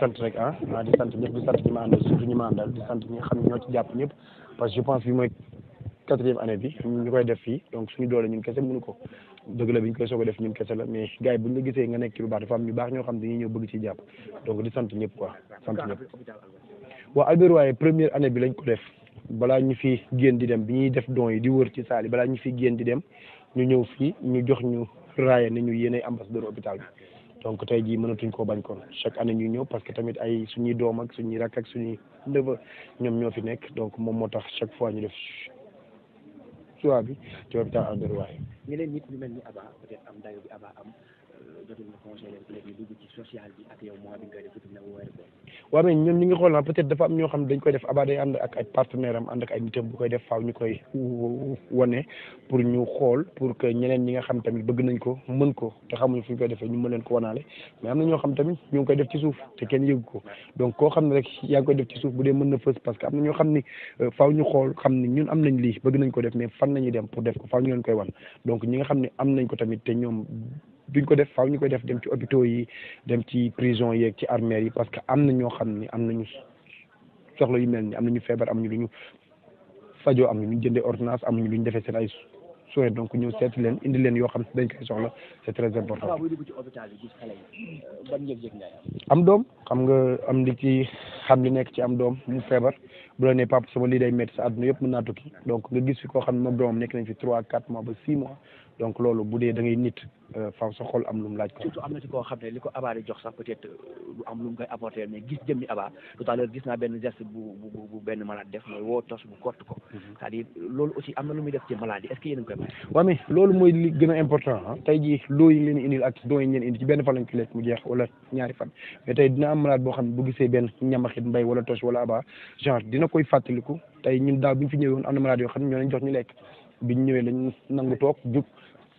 sant rek ah waaw di sant ñëpp di ma àndal surtout ñi ma àndal di sant ñi xam ñoo ci jàpp ñëpp parce que je pense bi mooy quatrième année bi ñu koy def fii donc suñu doole ñun kese mënu ko dëgg la bi ñu koy soog a def ñun kese la mais gars bu ñu la gisee nga nekk ci lu baax dafa am ñu baax ñoo xam dañuy ñëw bëgg ci jàpp donc di sant ñëpp quoi sant ñëpp Albert waaye première année bi lañ ko def balaa ñu fi génn di dem bi ñuy def don yi di wër ci saal yi balaa ñu fi génn di dem ñu ñëw fii ñu jox ñu raaya ne ñu yéenay ambassadeur hôpital bi donc tey jii mënatuñ koo bañ kon chaque année ñu ñëw parce que tamit ay suñuy doom ak suñuy rak ak suñuy neveu ñoom ñoo fi nekk donc moom moo tax chaque fois ñu def choix bi ci hôpital Albert Royer ñeneen nit ñu mel ni Aba peut-être am dayo bi Aba am jotul na conseil leen peut être ñoom ñu ngi xool peut être dafa am ñoo xam dañ koy def abaa day ànd ak ay partenaire am ànd ak ay nitam bu koy def faaw ñu koy wane pour ñu xool pour que ñeneen ñi nga xam tamit bëgg nañ ko mën ko te xamuñu fu ñu defee ñu mën leen ko wanaale mais am na ñoo xam tamit koy def ci ko donc koo xam ne rek yaa ngi koy def ci suuf bu dee mën na fës ni euh, faaw ñu xool xam ni ñun am nañ lii bëgg nañ ko def mais fan nañu dem pour def ko faaw ñu leen koy wan donc ñi nga xam ne am nañ ko tamit te ñoom ñu ko def faaw ñu koy def dem ci hôpitaux yi dem ci prison yeeg ci armée yi parce que am na ñoo xam ni am nañu soxla yu mel ni am nañu feebar am ñu lu ñu fajoo am ñu jëndee ordonnance am ñu lu ñu defee seen ay soins donc ñëw seet leen indi yoo xam dañ koy soxla c'est très important. Euh, am doom xam nga am li ci xam li nekk ci am doom mu feebar bu la nee papa yëpp mën naa tukki donc nga gis fi nekk nañ fi trois quatre mois ba six mois donc loolu bu dee da ngay nit euh, faw sa xol am lu mu laaj ko surtout am na si koo xam ne li ko abaa di jox sax peut être euh, lu am lu mu koy apporter mais gis jëmmi abaa tout naa benn geste bu bu benn malade def mooy woo tos bu kott ko mhm. loolu aussi am na lu muy def ci malade yi est loolu mooy li a ah. tey jii loo yi leen indil ak doo yi ci benn fan lañ mu jeex wala ñaari fan mais tey dina am malade boo xam ne bu gisee benn ñamaxit mbay wala tos wala abaa genre dina koy fàttaliku tey ñun daaw bi ñu fi ñëwee woon am na malade yoo xam ne ñoo lañ jox ñu lekk ñu ñëwee lañ nangu toog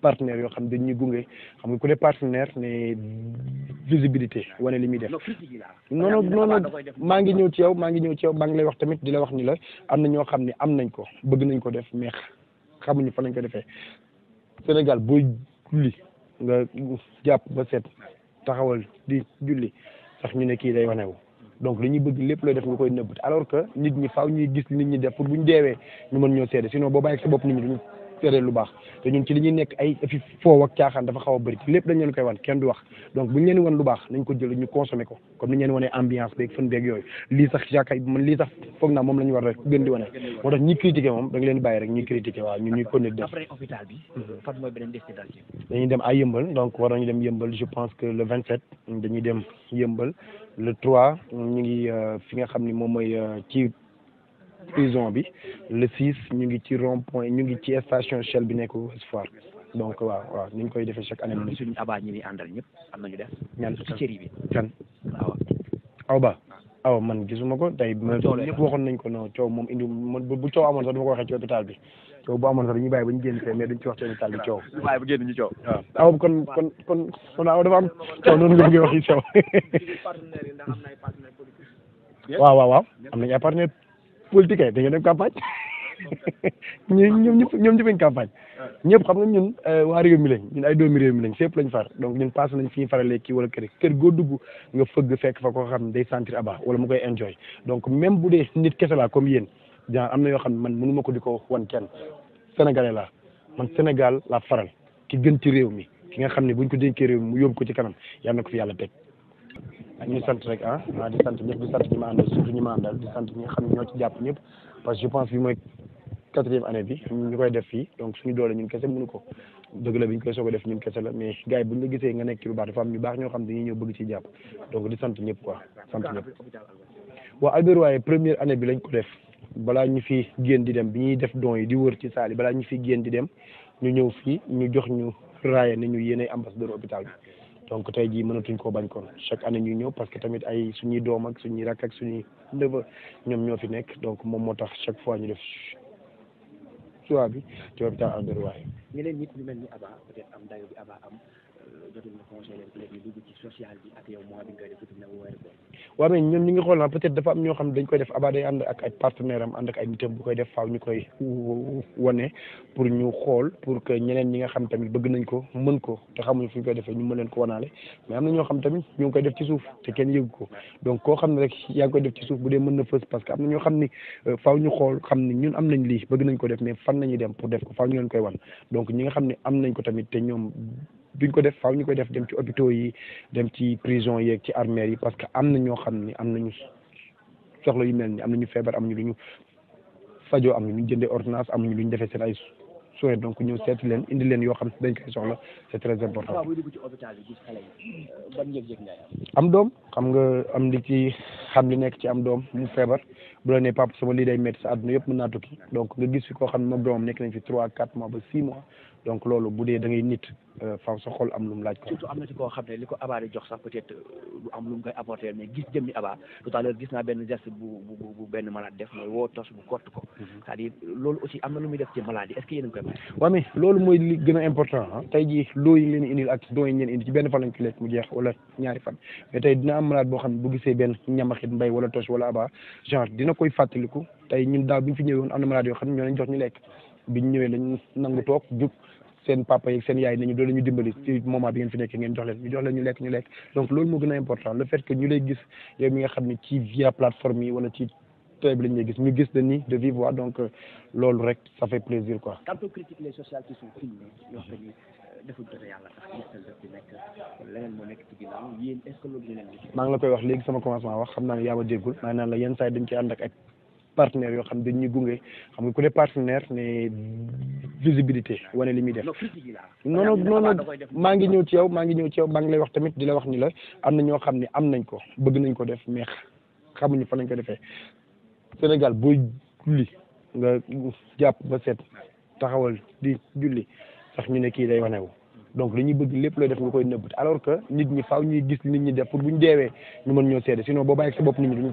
partenaires yo xam dañuy gunge xam nga ku né partenaire né visibilité wone limi def non non non maa ngi ñew ci yow ma ngi ñew ci yow maa ngi lay wax tamit di la wax ni la amna ño xamni xam am nañ ko bëgg nañ ko def mais xamuñu fa lañ ko défé Sénégal booy julli nga japp ba sét taxawal di julli sax ñu né ki day wanewu donc li ñuy bëgg lépp lay def nga koy nëbbat alors que nit ñi faaw ñuy gis nit ñi def pour buñ déwé ñu mën ñoo sédé sinon boo bàyyi sa bopp nit ñi duñu seede lu baax te ñun ci li ñuy nekk ay fi ak caaxaan dafa xaw a bëri lépp dañ leen koy wan kenn du wax donc bu ñu leen wan lu baax nañ ko jël ñu consommé ko comme ni ñu leen wanee ambiance beeg fën beeg yooyu lii sax jàkkaay man lii sax foog naa moom la war a di wane moo tax ñi critiqué moom da leen bàyyi rek ñi critiqué waaw ñun ñuy connait def après hôpital mhm. dem ay yëmbal donc war nañu dem yëmbal je pense que le vingt sept dañuy dem yëmbal le trois ñu ngi euh, fi nga xam ni moom euh, prison bi le six ñu gi ci rond point ñu ci station Shell bi nekk Espoir donc waaw waaw ni ñu koy defee chaque année. ñu ngi suñu abaa ñi àndal ñëpp am nañu def. ñaan ci cëri bi kan awa aw ba ah. aw man ko tey ah, ñëpp waxoon nañ ko non coow moom indi bu coow amoon sax du ma ko waxee ci hôpital bi coow bu amoon sax dañuy bàyyi ba ñu génn fee mais duñ ci wax ci bi coow bàyyi ba génn ñu coow waaw ah. aw kon am coow noonu nga politique ay da ngeen dem campagne ñoom ñëpp ñoom ñëpp campagne ñëpp xam nañ ñun euh, waa réew mi lañ ñun ay doomi réew mi lañ fépp lañ far donc ñun passé nañ fi ñu faralee kii wala kër kër goo dugg nga fëgg fekk fa ko xam day sentir aba wala mu koy enjoy donc même bu dee nit kese laa comme yéen genre am na yoo xam ne man mënu ma ko di ko wan kenn sénégalais laa man Sénégal laa faral ki gën ci réew mi ki nga xam ne buñ ko dénkee réew mi mu yóbbu ko ci kanam yal na ko fi yàlla teg ñuy sant rek ah ah di sant ñëpp di sant ñi ma àndal surtout ñi ma àndal di sant ñi xam ne ñoo ci jàpp ñëpp parce que je pense bi mooy quatrième année bi ñu koy def fii donc suñu doole ñun kese mënu ko dëgg la bi ñu koy soog a def ñun gisee nga nekk ci lu baax dafa am ñu baax ñoo xam dañuy ñëw bëgg ci jàpp donc di sant ñëpp quoi sant ñëpp waaw Albert waaye première année bi lañ ko def balaa ñu fi génn di dem bi ñuy def don yi di wër ci saali balaa ñu fi génn di dem ñu ñëw fii ñu jox ñu raaya ni ñu yéene ambassadeur hôpital bi donc tey jii mënatuñ koo bañ koon chaque année ñu ñëw parce que tamit ay suñuy doom ak suñuy rakk ak suñuy ndëba ñoom ñoo fi nekk donc moom moo tax chaque fois ñu def choix bi ci hôpital Albert Royer. ñeneen nit ñu mel ni Aba peut-être am dayo bi Aba am. jotuñu conseillé leen ñu dugg ci social bi ak yow mois ñoom ñu ngi xool naa dafa am ñoo xam dañ koy def abaa day ànd ak ay partenaire ànd ak ay nitam bu koy def faaw ñu koy wane pour ñu xool pour que ñeneen ñi nga xam tamit bëgg nañ ko mën ko te xamuñu fu ñu koy defee ñu mën leen ko wanaale mais am na ñoo xam tamit ñu ngi koy def ci suuf te kenn yëgu ko donc koo xam ne rek yaa ngi koy def ci suuf bu dee mën na fës parce que am na ñoo xam ni euh, faaw ñu xool xam ni ñun am nañ lii bëgg nañ ko def mais fan nañuy dem pour def ko faaw ñu leen koy wan donc ñi nga xam ne am nañ ko tamit te ñoom duñ ko def faaw ñu koy def dem ci hôpitaux yi dem ci prison yeeg ci armée yi parce que am na ñoo xam ni am nañu soxla yu mel ni am nañu feebar am ñu lu ñu fajoo am ñu jëndee ordonnance am ñu lu ñu defee seen ay soins donc ñëw seet leen indi leen yoo xam dañ koy soxla c'est très important. am doom xam nga am ni ci xam li nekk ci am doom mu feebar bu la nee papa sama lii day métti sa àdduna yëpp xam ne moom doomam nekk nañ fi trois quatre mois ba six mois. donc loolu bu dee da ngay nit euh, faaw sa xol am lu mu laaj ko surtout am na ci koo xam ne li ko Abba di jox sax peut euh, lu mu koy apporter mais gis jëmmi Abba tout gis naa benn geste bu bu bu benn malade def mooy woo ko mhm. loolu aussi am na lu muy def ci malade yi est-ce a mooy li gën a important ah tey jii loo yi leen indil ak doo yi leen indi ci benn fan lañ ci lekk mu jeex wala ñaari fan mais tey dina am malade boo xam ne bu gisee benn ñamaxit mbay wala tos wala Abba genre dina koy fàttaliku tey ñun daaw bi ñu fi ñëwoon am na malade yoo xam ne ñoo leen jox ñu lekk biñ ñëwee lañ nangu toog sen papa yeeg sen yaay nañu do lañu dimbali ci moment bi ngeen fi nekkee ngeen jox leen ñu jox leen ñu lekk ñu lekk donc loolu mo gën a important le fait que ñu lay gis yow mi nga xamni ci via plateforme yi wala ci télé bi lañ lay gis ñu gis la ni de vive voix donc euh, loolu rek ça fait plaisir quoi. quand on critique les social qui sont filmées euh, yo xam ne dafa jot tax ñu daf ci nekk leneen mo nekk ci ginaaw yeen est ce que loolu maa ngi la koy wax léegi sama commencement wax xamna naa ne yaa ma déggul la yeen say dañ ci ànd ak partenaires yoo xam dañuy ñuy gunge xam nga ku ne partenaire ne visibilité wane li muy def non non maa ngi ñëw ci yow maa ngi ñëw ci yow maa ngi lay wax tamit di la wax ni la am na ñoo xam ne am nañ ko bëgg nañ ko def mais xamuñu fa lañ ko defee Sénégal booy julli nga jàpp ba seet taxawal di julli sax ñu ne kii day wanewu donc li ñuy bëgg lépp looy def nga koy nëbbati alors que nit ñi faaw ñuy gis nit ñi def pour buñ ñu deewee ñu mën ñoo seede sinon boo bàyyi sa bopp nit ñi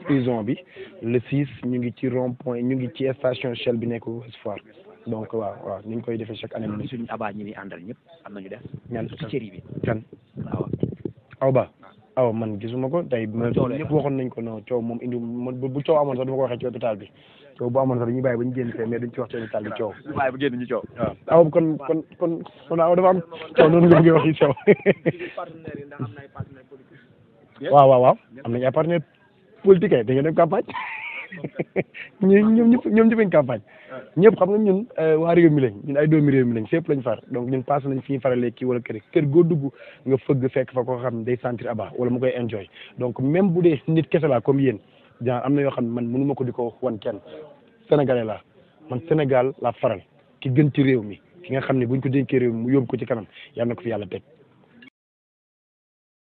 prison bi le six ñu ngi ci rond point ñu ngi ci station Shell bi nekk Ouest Foire donc waaw waaw ni ñu koy defee chaque année. ñun suñu abaa ñi muy àndal ñëpp am nañu def. ñaan cëri bi kan. waaw aw ba aw man gisuma ko tey. coow ñëpp waxoon nañ ko non coow moom indi bu coow amoon sax dama ko waxee ci hôpital bi. coow bu amoon sax dañuy bàyyi ba ñu génn fee mais duñ ci wax ci hôpital bi coow. ñu bàyyi ba génn ñu coow. waaw aw kon kon kon politique ay da ngeen def campagne ñun ñoom ñëpp ñoom ñëpp campagne ñëpp xam nga ñun euh, waa réew mi lañ ñun ay doomi réew mi lañ fépp lañ far donc ñun passé nañ fi ñu faralee kii wala kër kër goo dugg nga fëgg fekk fa koo xam ne day sentir aba wala mu koy enjoy donc même bu dee nit kese laa comme yéen genre am na yoo xam ne man mënu ma ko di ko wan kenn sénégalais laa man Sénégal laa faral ki gën ci réew mi ki nga xam ne buñ ko dénkee réew mi mu yóbbu ko ci kanam yal na ko fi yàlla teg